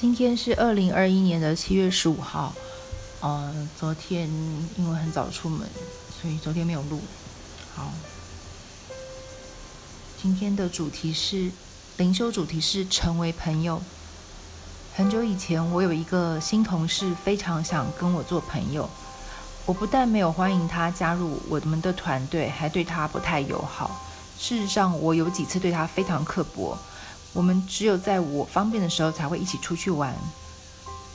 今天是二零二一年的七月十五號，呃，昨天因為很早出門，所以昨天沒有錄。好，今天的主題是靈修，主題是成為朋友。很久以前，我有一個新同事，非常想跟我做朋友。我不但沒有歡迎她加入我們的團隊，還對她不太友好。事實上，我有幾次對她非常刻薄。我們只有在我方便的時候才會一起出去玩。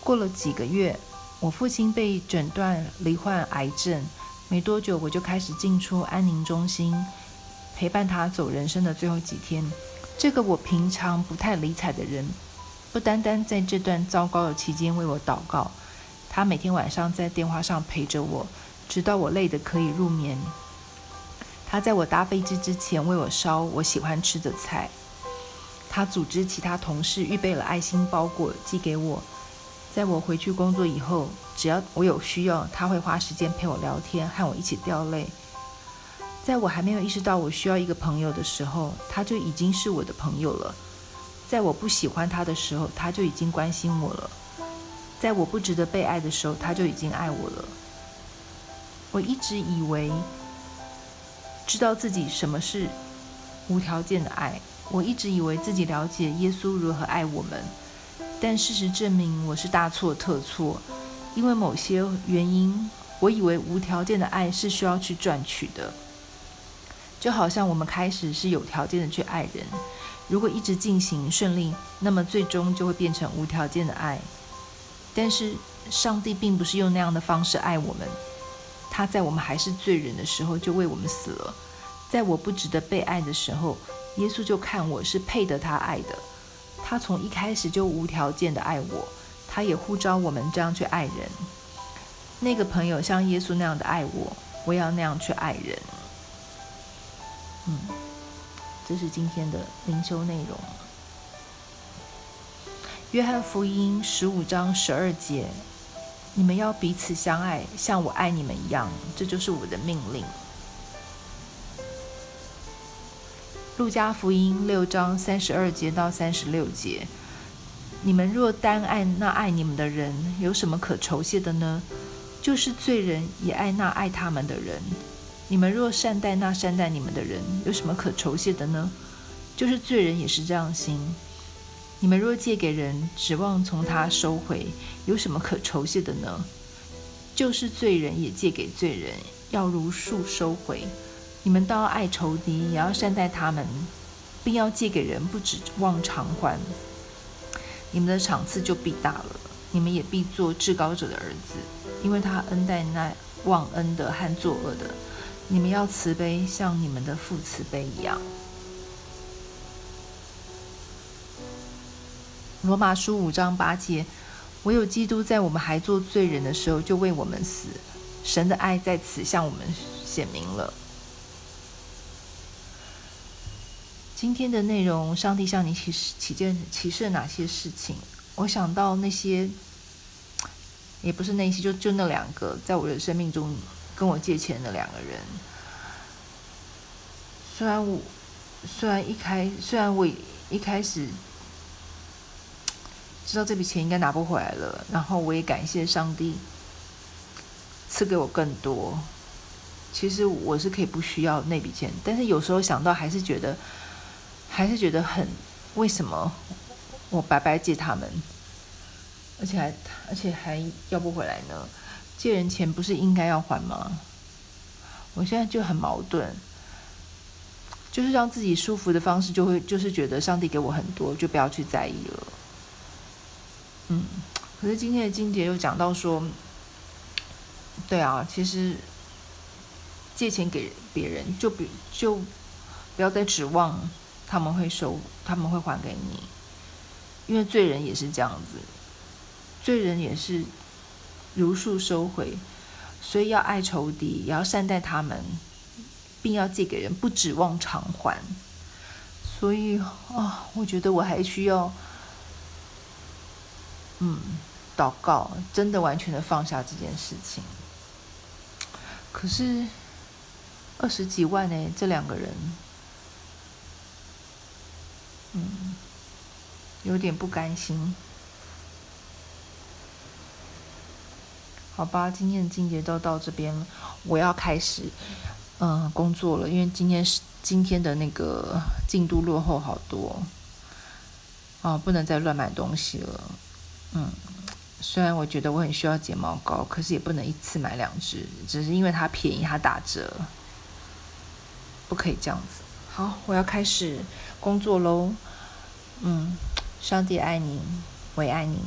過了幾個月，我父親被診斷罹患癌症，沒多久我就開始進出安寧中心，陪伴他走人生的最後幾天。這個我平常不太理睬的人，不單單在這段糟糕的期間為我禱告，他每天晚上在電話上陪着我，直到我累得可以入眠。他在我搭飛機之前為我燒我喜歡吃的菜。他組織其他同事預備了愛心包裹寄給我，在我回去工作以後，只要我有需要，他會花時間陪我聊天，和我一起掉淚。在我還沒有意識到我需要一個朋友的時候，他就已經是我的朋友了。在我不喜歡他的時候，他就已經關心我了。在我不值得被愛的時候，他就已經愛我了。我一直以為知道自己什麼是無條件的愛。我一直以為自己了解耶穌如何愛我們，但事實證明，我是大錯特錯。因為某些原因，我以為無條件的愛是需要去賺取的，就好像我們開始是有條件的去愛人，如果一直進行順利，那麼最終就會變成無條件的愛。但是上帝並不是用那樣的方式愛我們，他在我們還是罪人的時候就為我們死了。在我不值得被愛的時候，耶穌就看我是配得他愛的。他從一開始就無條件地愛我，他也呼召我們這樣去愛人。那個朋友像耶穌那樣的愛我，我也要那樣去愛人。嗯，這是今天的靈修內容。約翰福音十五章十二節：你們要彼此相愛，像我愛你們一樣，這就是我的命令。路加福音六章三十二節到三十六節：你們若單愛那愛你們的人，有什麼可酬謝的呢？就是罪人也愛那愛他們的人。你們若善待那善待你們的人，有什麼可酬謝的呢？就是罪人也是這樣行。你們若借給人，指望從他收回，有什麼可酬謝的呢？就是罪人也借給罪人，要如數收回。你們都要愛仇敵，也要善待他們，並要借給人，不指望償還。你們的賞賜就必大了。你們也必做至高者的兒子，因為他恩待那忘恩的和作惡的。你們要慈悲，像你們的父慈悲一樣。羅馬書五章八節：唯有基督，在我們還做罪人的時候，就為我們死。神的愛在此向我們顯明了。今天的內容，上帝向你啟示、啟見、啟示了哪些事情？我想到那些，也不是那些，就就那兩個，在我的生命中跟我借錢的兩個人。雖然我，雖然一開，雖然我一開始知道這筆錢應該拿不回來了，然後我也感謝上帝賜給我更多。其實我是可以不需要那筆錢，但是有時候想到，還是覺得。還是覺得很，為什麼我白白借他們，而且還而且還要不回來呢？借人錢不是應該要還嗎？我現在就很矛盾，就是讓自己舒服的方式，就會就是覺得上帝給我很多，就不要去在意了。嗯，可是今天的經節又講到說，對啊，其實借錢給別人，就比就不要再指望，他們會收，他們會還給你，因為罪人也是這樣子，罪人也是如數收回，所以要愛仇敵，也要善待他們，並要借給人，不指望償還。所以啊，哦，我覺得我還需要，嗯，禱告，真的完全地放下這件事情。可是二十幾萬呢，這兩個人。嗯，有點不甘心。好吧，今天的清潔就到這邊了，我要開始嗯工作了。因為今天是今天的那個進度落後好多，哦，不能再亂買東西了。嗯，雖然我覺得我很需要睫毛膏，可是也不能一次買兩支，只是因為它便宜，它打折，不可以這樣子。好，我要開始工作嘍。嗯，上帝愛你，我也愛你。